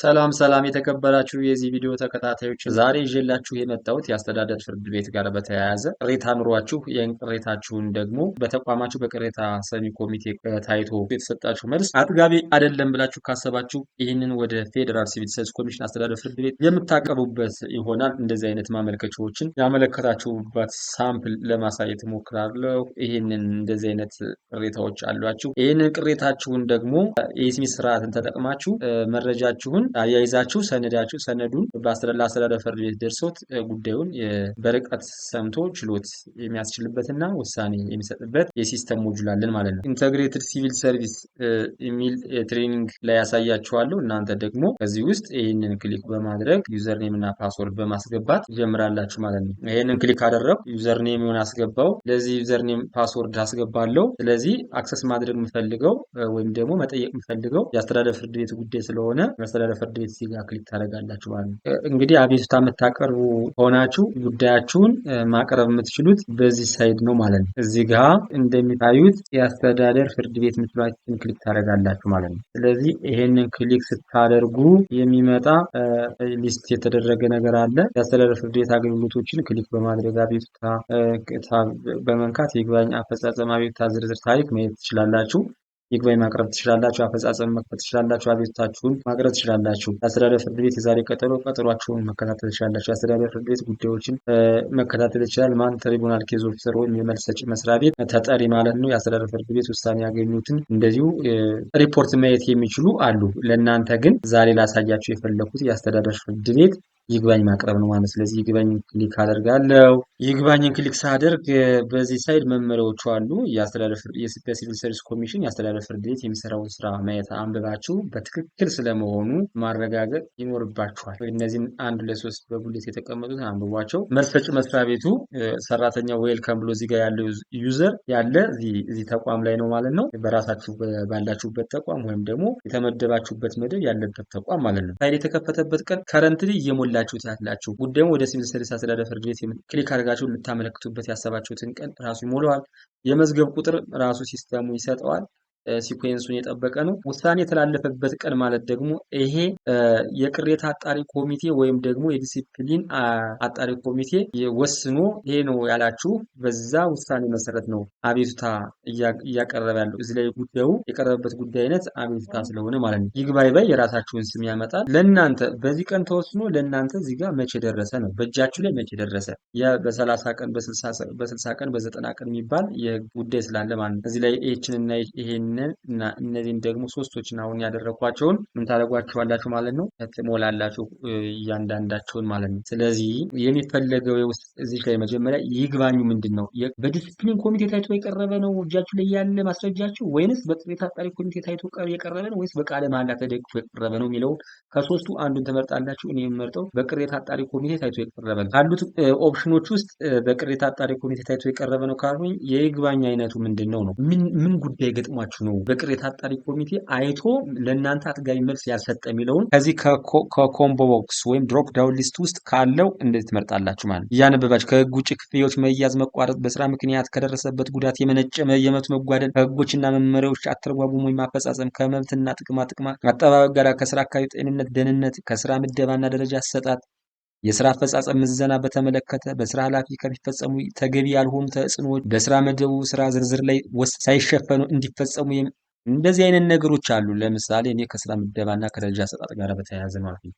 ሰላም ሰላም የተከበራችሁ የዚህ ቪዲዮ ተከታታዮች፣ ዛሬ ይዤላችሁ የመጣሁት የአስተዳደር ፍርድ ቤት ጋር በተያያዘ ቅሬታ ኑሯችሁ ይህን ቅሬታችሁን ደግሞ በተቋማችሁ በቅሬታ ሰሚ ኮሚቴ ታይቶ የተሰጣችሁ መልስ አጥጋቢ አይደለም ብላችሁ ካሰባችሁ ይህንን ወደ ፌዴራል ሲቪል ሰርቪስ ኮሚሽን አስተዳደር ፍርድ ቤት የምታቀርቡበት ይሆናል። እንደዚህ አይነት ማመልከቻዎችን ያመለከታችሁበት ሳምፕል ለማሳየት እሞክራለሁ። ይህንን እንደዚህ አይነት ቅሬታዎች አሏችሁ። ይህንን ቅሬታችሁን ደግሞ የኢስሚ ስርዓትን ተጠቅማችሁ መረጃችሁን አያይዛችሁ ሰነዳችሁ ሰነዱን ለአስተዳደር ፍርድ ቤት ደርሶት ጉዳዩን በርቀት ሰምቶ ችሎት የሚያስችልበትና ውሳኔ የሚሰጥበት የሲስተም ሞጁል አለን ማለት ነው። ኢንተግሬትድ ሲቪል ሰርቪስ የሚል ትሬኒንግ ላይ ያሳያችኋለሁ። እናንተ ደግሞ ከዚህ ውስጥ ይህንን ክሊክ በማድረግ ዩዘርኔም እና ፓስወርድ በማስገባት ጀምራላችሁ ማለት ነው። ይህንን ክሊክ አደረግ ዩዘርኔም ሆን አስገባው። ለዚህ ዩዘርኔም ፓስወርድ አስገባለሁ። ስለዚህ አክሰስ ማድረግ የምፈልገው ወይም ደግሞ መጠየቅ የምፈልገው የአስተዳደር ፍርድ ቤት ጉዳይ ስለሆነ የአስተዳደር ፍርድ ቤት እዚህ ክሊክ ታደርጋላችሁ ማለት ነው። እንግዲህ አቤቱታ የምታቀርቡ ከሆናችሁ ጉዳያችሁን ማቅረብ የምትችሉት በዚህ ሳይድ ነው ማለት ነው። እዚህ ጋ እንደሚታዩት የአስተዳደር ፍርድ ቤት ምትሏችን ክሊክ ታደርጋላችሁ ማለት ነው። ስለዚህ ይሄንን ክሊክ ስታደርጉ የሚመጣ ሊስት የተደረገ ነገር አለ። የአስተዳደር ፍርድ ቤት አገልግሎቶችን ክሊክ በማድረግ አቤቱታ በመንካት የይግባኝ አፈጻጸም አቤቱታ ዝርዝር ታሪክ ማየት ትችላላችሁ። ይግባኝ ማቅረብ ትችላላችሁ። አፈጻጸም መክፈት ትችላላችሁ። አቤቱታችሁን ማቅረብ ትችላላችሁ። የአስተዳደር ፍርድ ቤት የዛሬ ቀጠሮ ቀጠሯችሁን መከታተል ትችላላችሁ። የአስተዳደር ፍርድ ቤት ጉዳዮችን መከታተል ይችላል። ማን ትሪቡናል ኬዝ ኦፊሰር ወይም የመልስ ሰጪ መስሪያ ቤት ተጠሪ ማለት ነው። የአስተዳደር ፍርድ ቤት ውሳኔ ያገኙትን እንደዚሁ ሪፖርት ማየት የሚችሉ አሉ። ለእናንተ ግን ዛሬ ላሳያችሁ የፈለኩት የአስተዳደር ፍርድ ቤት ይግባኝ ማቅረብ ነው ማለት ስለዚህ ይግባኝ ክሊክ አደርጋለሁ። ይግባኝን ክሊክ ሳደርግ በዚህ ሳይድ መመሪያዎቹ አሉ። የኢትዮጵያ ሲቪል ሰርቪስ ኮሚሽን የአስተዳደር ፍርድ ቤት የሚሰራውን ስራ ማየት አንብባችሁ በትክክል ስለመሆኑ ማረጋገጥ ይኖርባችኋል። እነዚህም አንድ ለሶስት በቡሌት የተቀመጡት አንብቧቸው። መልስ መስሪያ ቤቱ ሰራተኛ ዌልከም ብሎ እዚህ ጋ ያለው ዩዘር ያለ እዚህ ተቋም ላይ ነው ማለት ነው። በራሳችሁ ባላችሁበት ተቋም ወይም ደግሞ የተመደባችሁበት መደብ ያለበት ተቋም ማለት ነው። ፋይል የተከፈተበት ቀን ከረንትሊ እየሞላችሁት ያላችሁ ጉዳዩም ወደ ሲቪል ሰርቪስ አስተዳደር ፍርድ ቤት ክሊክ አድርጋችሁ የምታመለክቱበት ያሰባችሁትን ቀን ራሱ ይሞላዋል። የመዝገብ ቁጥር ራሱ ሲስተሙ ይሰጠዋል። ሲኩዌንሱን የጠበቀ ነው። ውሳኔ የተላለፈበት ቀን ማለት ደግሞ ይሄ የቅሬታ አጣሪ ኮሚቴ ወይም ደግሞ የዲሲፕሊን አጣሪ ኮሚቴ ወስኖ ይሄ ነው ያላችሁ በዛ ውሳኔ መሰረት ነው አቤቱታ እያቀረበ ያለው። እዚህ ላይ ጉዳዩ የቀረበበት ጉዳይ አይነት አቤቱታ ስለሆነ ማለት ነው። ይግባይ ባይ የራሳችሁን ስም ያመጣል። ለእናንተ በዚህ ቀን ተወስኖ ለእናንተ እዚህ ጋር መቼ ደረሰ ነው፣ በእጃችሁ ላይ መቼ ደረሰ። በሰላሳ ቀን በስልሳ ቀን በዘጠና ቀን የሚባል የህግ ጉዳይ ስላለ ማለት ነው። እዚህ ላይ ይህችንና ይሄን ይህንን እና እነዚህን ደግሞ ሶስቶችን አሁን ያደረኳቸውን ምን ታደርጓቸዋላችሁ ማለት ነው ትሞላላችሁ እያንዳንዳቸውን ማለት ነው። ስለዚህ የሚፈለገው ውስጥ እዚህ ላይ መጀመሪያ ይግባኙ ምንድን ነው? በዲስፕሊን ኮሚቴ ታይቶ የቀረበ ነው እጃችሁ ላይ ያለ ማስረጃችሁ ወይንስ አጣሪ ኮሚቴ ታይቶ የቀረበ ነው ወይስ በቃለ መሃላ ተደግፎ የቀረበ ነው የሚለውን ከሶስቱ አንዱን ተመርጣላችሁ። እኔ የምመርጠው በቅሬ አጣሪ ኮሚቴ ታይቶ የቀረበ ነው። ካሉት ኦፕሽኖች ውስጥ በቅሬታ አጣሪ ኮሚቴ ታይቶ የቀረበ ነው ካልሆኝ የይግባኝ አይነቱ ምንድን ነው ነው ምን ጉዳይ ገጥሟችሁ ነው በቅሬታ አጣሪ ኮሚቴ አይቶ ለእናንተ አጥጋቢ መልስ ያልሰጠ የሚለውን ከዚህ ከኮምቦ ቦክስ ወይም ድሮፕ ዳውን ሊስት ውስጥ ካለው እንደዚህ ትመርጣላችሁ ማለት ነው። እያነበባችሁ ከህግ ውጭ ክፍያዎች መያዝ፣ መቋረጥ፣ በስራ ምክንያት ከደረሰበት ጉዳት የመነጨ የመብት መጓደል፣ ከህጎችና መመሪያዎች አተረጓጉም ወይም አፈጻጸም፣ ከመብትና ጥቅማ ጥቅማ አጠባበቅ ጋር ከስራ አካባቢ ጤንነት፣ ደህንነት፣ ከስራ ምደባና ደረጃ አሰጣጥ የስራ አፈጻጸም ምዘና በተመለከተ በስራ ኃላፊ ከሚፈጸሙ ተገቢ ያልሆኑ ተጽዕኖዎች በስራ መደቡ ስራ ዝርዝር ላይ ሳይሸፈኑ እንዲፈጸሙ እንደዚህ አይነት ነገሮች አሉ። ለምሳሌ እኔ ከስራ ምደባና ከደረጃ አሰጣጥ ጋር በተያያዘ ማለት ነው።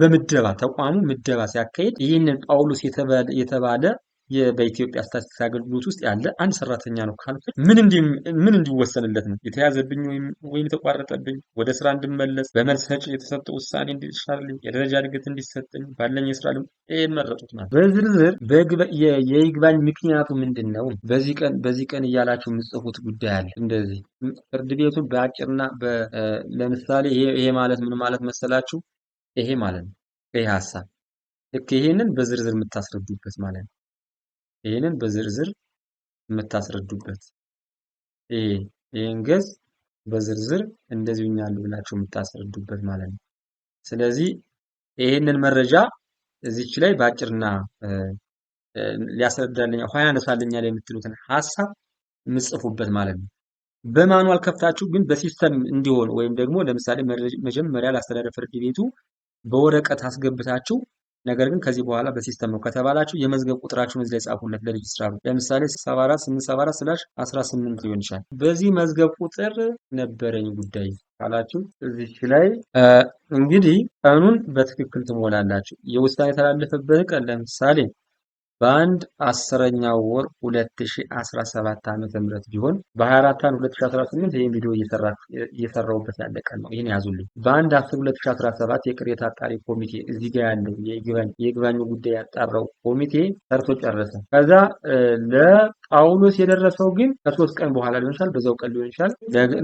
በምደባ ተቋሙ ምደባ ሲያካሄድ ይህንን ጳውሎስ የተባለ በኢትዮጵያ ስታቲስቲክስ አገልግሎት ውስጥ ያለ አንድ ሰራተኛ ነው ካልኩ ምን እንዲወሰንለት ነው? የተያዘብኝ ወይም የተቋረጠብኝ፣ ወደ ስራ እንድመለስ፣ በመልስ ሰጪ የተሰጠ ውሳኔ እንዲሻርልኝ፣ የደረጃ እድገት እንዲሰጠኝ፣ ባለኝ የስራ ልም መረጡት ማለት በዝርዝር የይግባኝ ምክንያቱ ምንድን ነው? በዚህ ቀን በዚህ ቀን እያላችሁ የምጽፉት ጉዳይ አለ። እንደዚህ ፍርድ ቤቱ በአጭርና ለምሳሌ ይሄ ማለት ምን ማለት መሰላችሁ? ይሄ ማለት ነው ይሄ ሀሳብ ልክ ይሄንን በዝርዝር የምታስረዱበት ማለት ነው። ይህንን በዝርዝር የምታስረዱበት ይሄ ይህን ገጽ በዝርዝር እንደዚህ ኛሉ ብላችሁ የምታስረዱበት ማለት ነው። ስለዚህ ይህንን መረጃ እዚች ላይ በአጭርና ሊያስረዳልኛል ሆያ ያነሳልኛል የምትሉትን ሀሳብ የምጽፉበት ማለት ነው። በማኑዋል ከፍታችሁ ግን በሲስተም እንዲሆን ወይም ደግሞ ለምሳሌ መጀመሪያ ለአስተዳደር ፍርድ ቤቱ በወረቀት አስገብታችሁ ነገር ግን ከዚህ በኋላ በሲስተም ነው ከተባላችሁ የመዝገብ ቁጥራችሁን እዚህ ላይ ጻፉለት ለሬጅስትራሩ። ለምሳሌ 748 ስላሽ 18 ሊሆን ይችላል። በዚህ መዝገብ ቁጥር ነበረኝ ጉዳይ ካላችሁ እዚህ ላይ እንግዲህ ቀኑን በትክክል ትሞላላችሁ። የውሳኔ የተላለፈበት ቀን ለምሳሌ በአንድ አስረኛው ወር 2017 ዓ ምህረት ቢሆን በ24 ቀን 2018 ይህን ቪዲዮ እየሰራሁበት ያለ ቀን ነው። ይህን ያዙልኝ። በአንድ 10 2017 የቅሬታ አጣሪ ኮሚቴ እዚህ ጋር ያለው የይግባኝ ጉዳይ ያጣራው ኮሚቴ ሰርቶ ጨረሰ። ከዛ ለ ጳውሎስ የደረሰው ግን ከሶስት ቀን በኋላ ሊሆን ይችላል፣ በዛው ቀን ሊሆን ይችላል።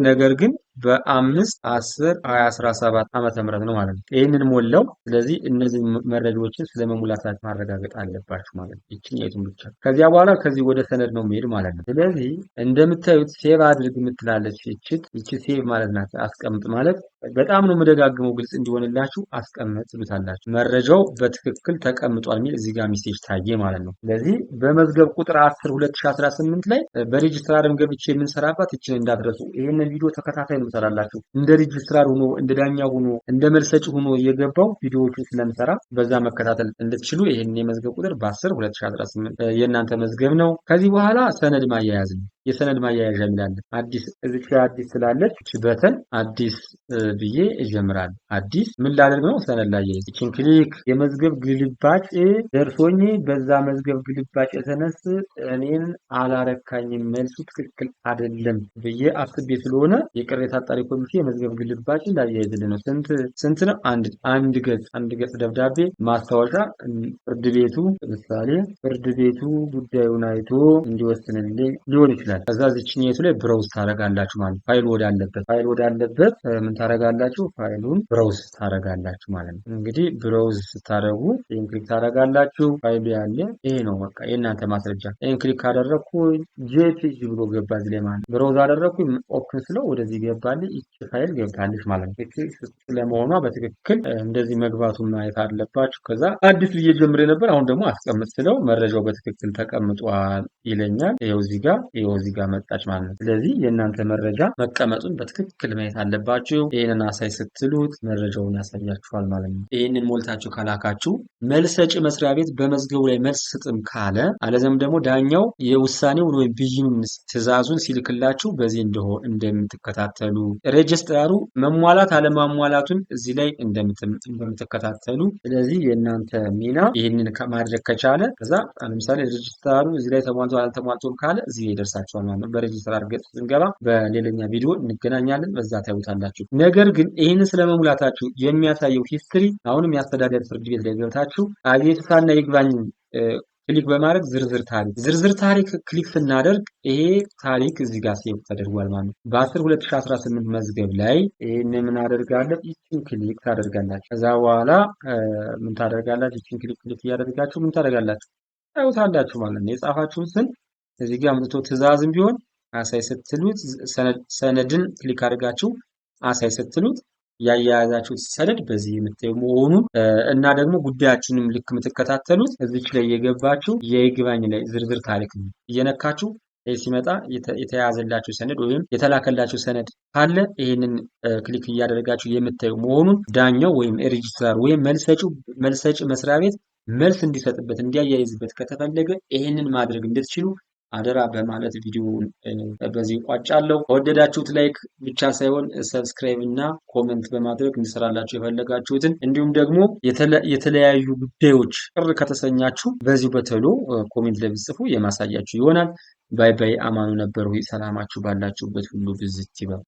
ነገር ግን በአምስት አስር ሀያ አስራ ሰባት ዓመተ ምህረት ነው ማለት ነው። ይህንን ሞላው። ስለዚህ እነዚህ መረጃዎችን ስለ መሙላታት ማረጋገጥ አለባችሁ ማለት ነው። ይችን የቱን ብቻ ከዚያ በኋላ ከዚህ ወደ ሰነድ ነው የሚሄድ ማለት ነው። ስለዚህ እንደምታዩት ሴቭ አድርግ የምትላለች ይችት ይቺ ሴቭ ማለት ናት፣ አስቀምጥ ማለት በጣም ነው የምደጋግመው ግልጽ እንዲሆንላችሁ አስቀምጥ ትሉታላችሁ። መረጃው በትክክል ተቀምጧል የሚል እዚህ ጋር ታየ ማለት ነው። ስለዚህ በመዝገብ ቁጥር 10 2018 ላይ በሬጅስትራርም ገብቼ የምንሰራባት እችን እንዳትረሱ። ይህንን ቪዲዮ ተከታታይ ምሰራላችሁ። እንደ ሬጅስትራር ሁኖ እንደ ዳኛ ሆኖ እንደ መልሰጭ ሆኖ የገባው ቪዲዮዎቹን ስለምሰራ በዛ መከታተል እንድትችሉ ይህን የመዝገብ ቁጥር በ10 2018 የእናንተ መዝገብ ነው። ከዚህ በኋላ ሰነድ ማያያዝ ነው። የሰነድ ማያያዣ የሚላለ አዲስ እዚች ጋር አዲስ ስላለች በተን አዲስ ብዬ እጀምራለሁ። አዲስ ምን ላደርግ ነው? ሰነድ ላይ ይችን ክሊክ የመዝገብ ግልባጭ ደርሶኝ በዛ መዝገብ ግልባጭ የተነስ እኔን አላረካኝም፣ መልሱ ትክክል አይደለም ብዬ አስቤ ስለሆነ የቅሬታ አጣሪ ኮሚቴ የመዝገብ ግልባጭ እንዳያይዝልን ነው። ስንት ስንት ነው? አንድ አንድ ገጽ አንድ ገጽ ደብዳቤ ማስታወሻ ፍርድ ቤቱ ለምሳሌ ፍርድ ቤቱ ጉዳዩን አይቶ እንዲወስንልኝ ሊሆን ይችላል። ይይዛል። ከዛ ዝችኛቱ ላይ ብረውዝ ታደርጋላችሁ ማለት ነው። ፋይል ወዳለበት ፋይል ወዳለበት ምን ታደርጋላችሁ? ፋይሉን ብረውዝ ታደርጋላችሁ ማለት ነው። እንግዲህ ብረውዝ ስታደረጉ ይህን ክሊክ ታደርጋላችሁ። ፋይሉ ያለ ይሄ ነው። በቃ የእናንተ ማስረጃ። ይህን ክሊክ ካደረግኩ ጄፒጂ ብሎ ገባ እዚህ ላይ ማለት ነው። ብረውዝ አደረግኩ ኦፕን ስለው ወደዚህ ገባል። ይቺ ፋይል ገብታለች ማለት ነው። ስለመሆኗ በትክክል እንደዚህ መግባቱን ማየት አለባችሁ። ከዛ አዲስ ብዬ ጀምሬ ነበር። አሁን ደግሞ አስቀምጥ ስለው መረጃው በትክክል ተቀምጧል ይለኛል። ይኸው እዚህ ጋር እዚህ ጋር መጣች ማለት ነው። ስለዚህ የእናንተ መረጃ መቀመጡን በትክክል ማየት አለባችሁ። ይህንን አሳይ ስትሉት መረጃውን ያሳያችኋል ማለት ነው። ይህንን ሞልታችሁ ከላካችሁ መልስ ሰጪ መስሪያ ቤት በመዝገቡ ላይ መልስ ስጥም ካለ አለዚያም ደግሞ ዳኛው የውሳኔውን ወይም ብይኑን ትዕዛዙን ሲልክላችሁ በዚህ እንደሆ እንደምትከታተሉ ሬጅስትራሩ መሟላት አለማሟላቱን እዚህ ላይ እንደምትከታተሉ። ስለዚህ የእናንተ ሚና ይህንን ማድረግ ከቻለ ከዛ ለምሳሌ ሬጅስትራሩ እዚህ ላይ ተሟልቶ አልተሟልቶም ካለ እዚህ ይደርሳችሁ ይኖራቸዋል ማለት ነው። በሬጅስተር ገጽ ስንገባ በሌለኛ ቪዲዮ እንገናኛለን። በዛ ታዩታላችሁ። ነገር ግን ይህን ስለመሙላታችሁ የሚያሳየው ሂስትሪ አሁንም የአስተዳደር ፍርድ ቤት ላይ ገብታችሁ አቤቱታና ይግባኝ ክሊክ በማድረግ ዝርዝር ታሪክ ዝርዝር ታሪክ ክሊክ ስናደርግ ይሄ ታሪክ እዚህ ጋር ሴቭ ተደርጓል ማለት ነው። በ10 2018 መዝገብ ላይ ይህን ምን አደርጋለሁ? ይችን ክሊክ ታደርጋላችሁ። ከዛ በኋላ ምን ታደርጋላችሁ? ይችን ክሊክ ክሊክ እያደርጋችሁ ምን ታደርጋላችሁ? ታዩታላችሁ ማለት ነው። የጻፋችሁን የጻፋችሁትን እዚህ ጋር አምጥቶ ትዕዛዝም ቢሆን አሳይ ስትሉት ሰነድን ክሊክ አድርጋችሁ አሳይ ስትሉት ያያያዛችሁት ሰነድ በዚህ የምታዩ መሆኑን እና ደግሞ ጉዳያችንም ልክ የምትከታተሉት እዚች ላይ የገባችሁ የይግባኝ ላይ ዝርዝር ታሪክ ነው እየነካችሁ ሲመጣ የተያዘላችሁ ሰነድ ወይም የተላከላችሁ ሰነድ ካለ ይህንን ክሊክ እያደረጋችሁ የምታዩ መሆኑን ዳኛው ወይም ሬጅስትራር ወይም መልሰጭ መስሪያ ቤት መልስ እንዲሰጥበት እንዲያያይዝበት ከተፈለገ ይህንን ማድረግ እንድትችሉ አደራ በማለት ቪዲዮ በዚህ እቋጫለሁ። ከወደዳችሁት ላይክ ብቻ ሳይሆን ሰብስክራይብ እና ኮመንት በማድረግ እንሰራላችሁ የፈለጋችሁትን። እንዲሁም ደግሞ የተለያዩ ጉዳዮች ቅር ከተሰኛችሁ በዚሁ በተሎ ኮሜንት ለብጽፉ የማሳያችሁ ይሆናል። ባይ ባይ። አማኑ ነበር። ሰላማችሁ ባላችሁበት ሁሉ ብዝት ይበል።